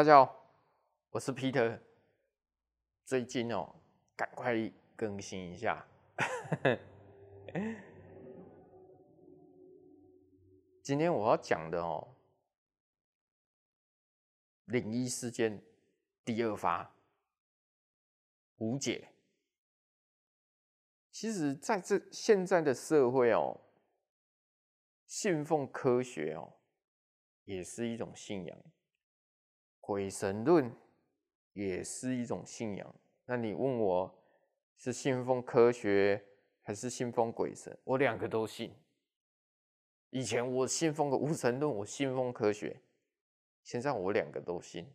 大家好，我是皮特。最近哦，趕快更新一下。 今天我要講的哦，靈異事件第二發，無解。其實，在這現在的社會哦，信奉科學哦，也是一種信仰。鬼神論也是一種信仰。那你問我是信奉科學還是信奉鬼神？我兩個都信。以前我信奉個無神論，我信奉科學。現在我兩個都信，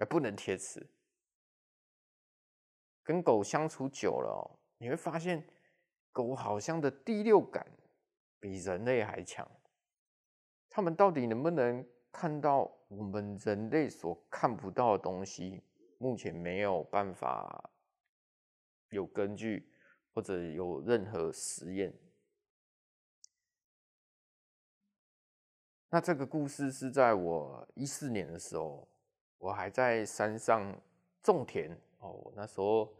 也不能鐵齒。跟狗相處久了，你會發現狗好像的第六感比人類還強。他們到底能不能看到？我們人類所看不到的東西，目前沒有辦法有根據或者有任何實驗。那這個故事是在我一四年的時候，我還在山上種田哦、喔。那時候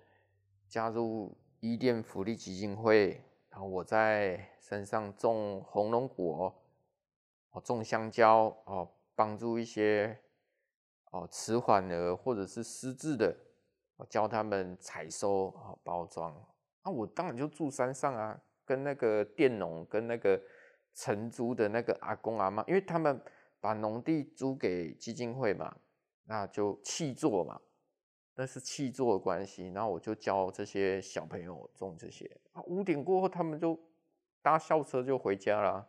加入伊甸福利基金會，然後我在山上種紅龍果，哦，種香蕉哦、喔。幫助一些哦遲緩的或者是失智的，我、哦、教他們採收、哦、包裝。那、啊、我當然就住山上啊，跟那個佃農跟那個承租的那個阿公阿嬤，因為他們把農地租給基金會嘛，那就契作嘛，那是契作的關係。那我就教這些小朋友種這些啊，五點過後他們就搭校車就回家了。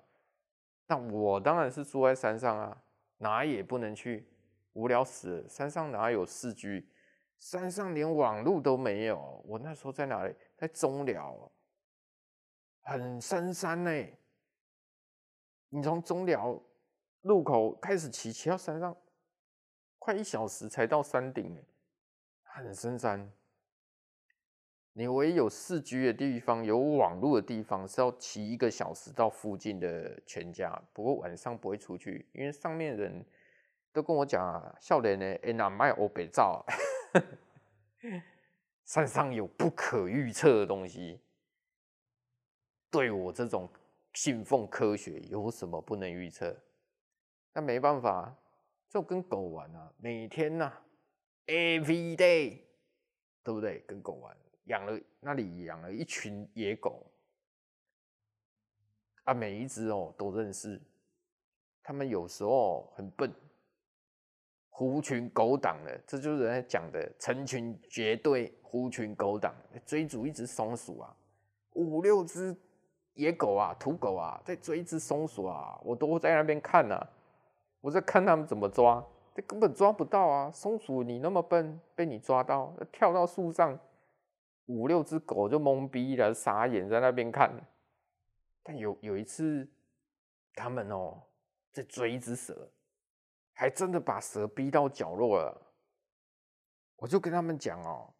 那我當然是住在山上啊。哪也不能去，無聊死了。山上哪有四 G？山上連網路都沒有。我那時候在哪裡？在中寮，很深山嘞、欸。你從中寮路口開始騎，騎到山上，快一小時才到山頂嘞，很深山。你唯一有 4G 的地方，有網絡的地方，是要騎一個小時到附近的全家。不過晚上不會出去，因為上面人都跟我講啊，啊，少年呢，哎，那賣歐北照，山上有不可預測的東西。對我這種信奉科學，有什麼不能預測？那沒辦法，就跟狗玩啊，每天吶、啊、every day，對不對？跟狗玩。養了那裡養了一群野狗啊，每一隻哦都認識。他們有時候很笨，狐群狗黨的，這就是人家講的成群結隊，狐群狗黨追逐一隻松鼠啊，五六隻野狗啊，土狗啊在追一隻松鼠啊，我都在那邊看啊，我在看他們怎麼抓，這根本抓不到啊！松鼠你那麼笨，被你抓到，跳到樹上。五六隻狗就懵逼了，傻眼在那邊看。但有有一次，他們哦，在追一隻蛇，還真的把蛇逼到角落了。我就跟他們講哦，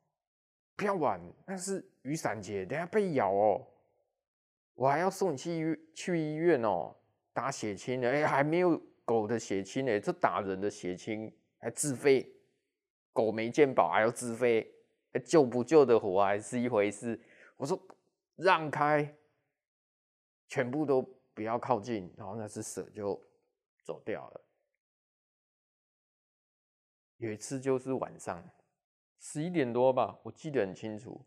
不要玩，那是雨傘節，等下被咬哦，我還要送你去醫院去醫院哦，打血清呢。哎，還沒有狗的血清呢，這打人的血清還自費，狗沒健保還要自費。救不救得活還是一回事。我說讓開，全部都不要靠近。然後那只蛇就走掉了。有一次就是晚上十一點多吧，我記得很清楚。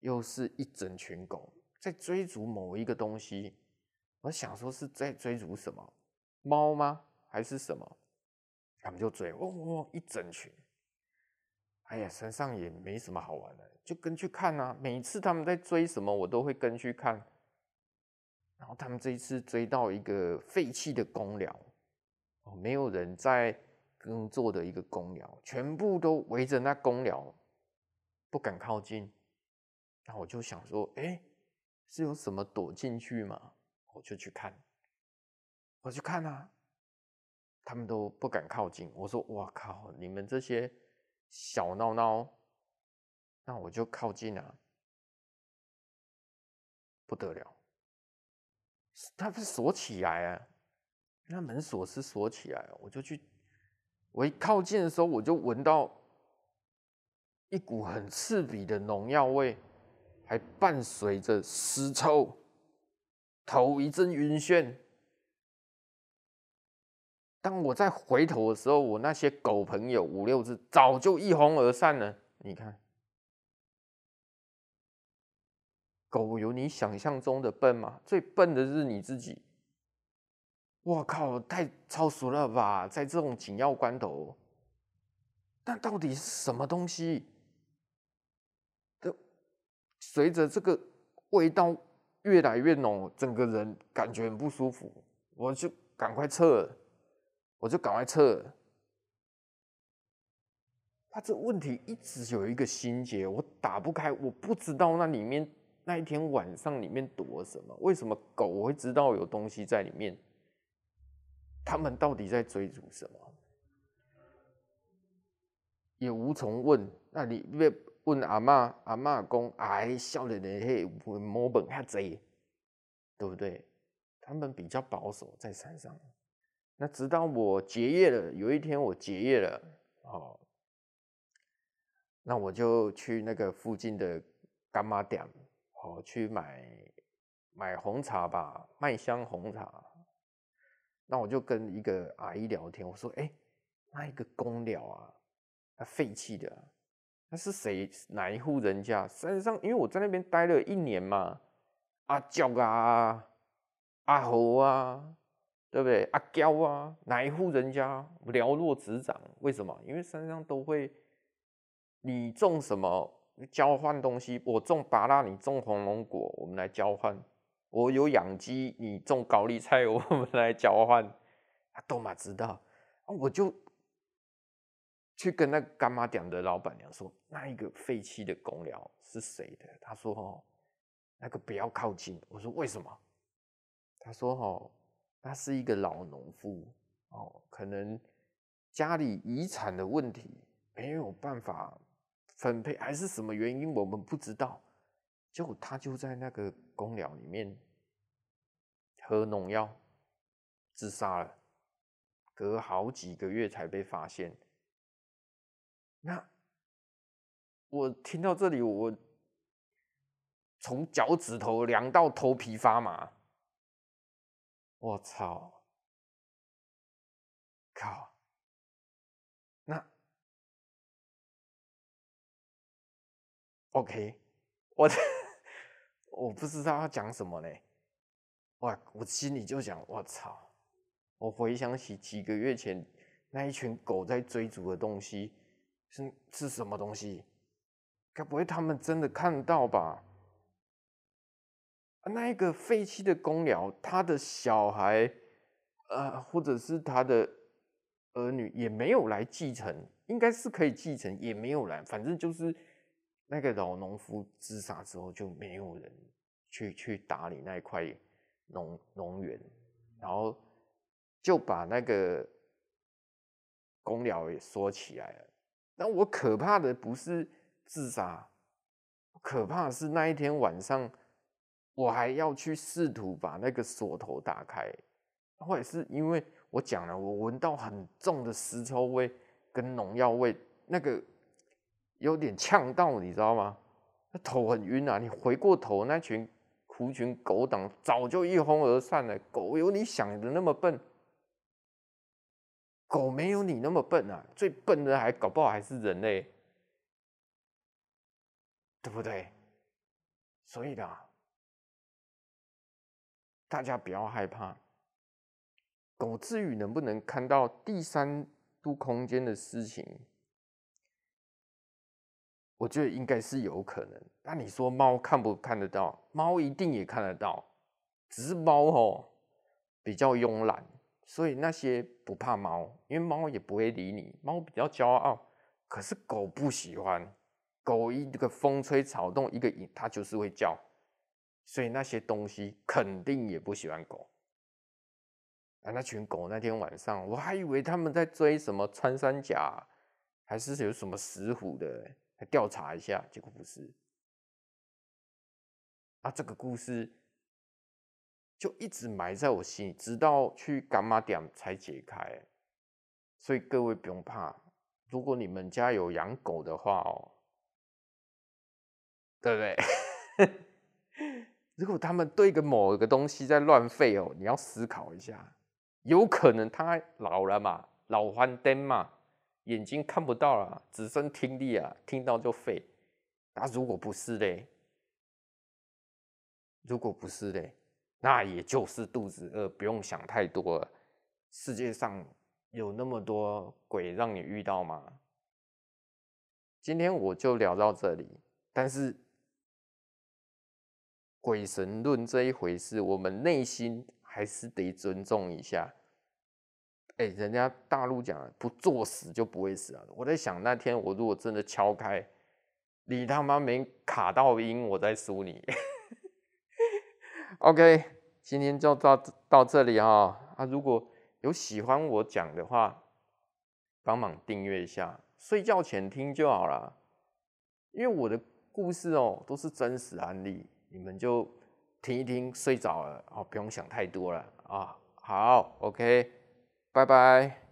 又是一整群狗在追逐某一個東西，我想說是在追逐什麼貓嗎？還是什麼？他們就追，汪汪，一整群。哎呀，山上也沒什麼好玩的，就跟去看啊。每次他們在追什麼，我都會跟去看。然後他們這一次追到一個廢棄的公寮，哦，沒有人在工作的一個公寮，全部都圍着那公寮，不敢靠近。然後我就想說，哎、欸，是有什麼躲進去嗎？我就去看，我去看啊，他們都不敢靠近。我說，哇靠，你們這些。小鬧鬧，那我就靠近了、啊，不得了，它是鎖起來啊，那門鎖是鎖起來、啊，我就去，我一靠近的時候，我就聞到一股很刺鼻的農藥味，還伴隨着屍臭，頭一陣暈眩。當我再回頭的時候，我那些狗朋友五六隻早就一哄而散了。你看，狗有你想象中的笨嗎？最笨的是你自己。我靠，太超俗了吧！在這種緊要關頭，但到底是什麼東西？隨着這個味道越來越濃，整個人感覺很不舒服，我就趕快撤。我就趕快撤。他、啊、這問題一直有一個心結，我打不開，我不知道那裡面那一天晚上裡面躲了什麼，為什麼狗會知道有東西在裡面？他們到底在追逐什麼？也無從問。那你要問阿媽，阿媽講，哎、啊，笑年的那些摸本他賊，對不對？他們比較保守，在山上。”那直到我結業了，有一天我結業了，哦，那我就去那個附近的柑仔店，哦，去買買紅茶吧，麥香紅茶。那我就跟一個阿姨聊天，我說：“哎、欸，那一個工寮啊，它廢棄的，那是誰？哪一戶人家？山上？因為我在那邊待了一年嘛，阿叔啊，阿猴啊。”對不對？阿嬌啊，哪一戶人家了若指掌。為什麼？因為山上都會，你種什麼交換東西？我種芭樂，你種紅龍果，我們來交換。我有養雞，你種高麗菜，我們來交換。啊，都嘛知道。我就去跟那柑仔店的老闆娘說，那一個廢棄的公寮是誰的？她說：“哦，那個不要靠近。”我說：“為什麼？”她說：“他是一個老農夫哦，可能家裡遺產的問題沒有辦法分配，還是什麼原因我們不知道。結果他就在那個工寮裡面喝農藥自殺了，隔好幾個月才被發現。那我聽到這裡，我從腳趾頭涼到頭皮發麻。我操！靠！那，OK，我，我不知道要講什麼嘞。哇，我心裡就想，我操！我回想起幾個月前那一群狗在追逐的東西，是是什麼東西？該不會他們真的看到吧？那一個廢棄的工寮，他的小孩，呃，或者是他的兒女也沒有來繼承，應該是可以繼承，也沒有來，反正就是那個老農夫自殺之後就沒有人去去打理那一塊農農園，然後就把那個工寮也鎖起來了。那我可怕的不是自殺，可怕的是那一天晚上。我還要去試圖把那個鎖頭打開，或者是因為我講了，我聞到很重的屍臭味跟農藥味，那個有點嗆到，你知道嗎？頭很暈啊！你回過頭，那群狐群狗黨早就一哄而散了。狗有你想的那麼笨？狗沒有你那麼笨啊！最笨的還搞不好還是人類，對不對？所以呢、啊。大家不要害怕。狗至於能不能看到第三度空間的事情，我覺得應該是有可能。那你說貓看不看得到？貓一定也看得到，只是貓喔，比較慵懶，所以那些不怕貓，因為貓也不會理你，貓比較驕傲。可是狗不喜歡，狗一個風吹草動，一個影它就是會叫。所以那些東西肯定也不喜歡狗啊！那群狗那天晚上，我還以為他們在追什麼穿山甲，還是有什麼石虎的，來調查一下。結果不是。啊，這個故事就一直埋在我心裡，直到去干馬點才解開。所以各位不用怕，如果你們家有養狗的話哦、喔，對不對？ 如果他們對一個某個東西在亂吠哦，你要思考一下，有可能他老了嘛，老花眼嘛，眼睛看不到了，只剩聽力啊，聽到就吠。那如果不是的，如果不是的，那也就是肚子餓，不用想太多了。世界上有那麼多鬼讓你遇到嗎？今天我就聊到這裡，但是。鬼神論這一回事，我們內心還是得尊重一下。哎、欸，人家大陸講不作死就不會死啊！我在想，那天我如果真的敲開，你他媽沒卡到陰，我再輸你。 OK，今天就到到這裡哈、哦。啊，如果有喜歡我講的話，幫忙訂閱一下，睡覺前聽就好了。因為我的故事哦，都是真實案例。你們就聽一聽，睡着了哦，不用想太多了啊。好，OK，拜拜。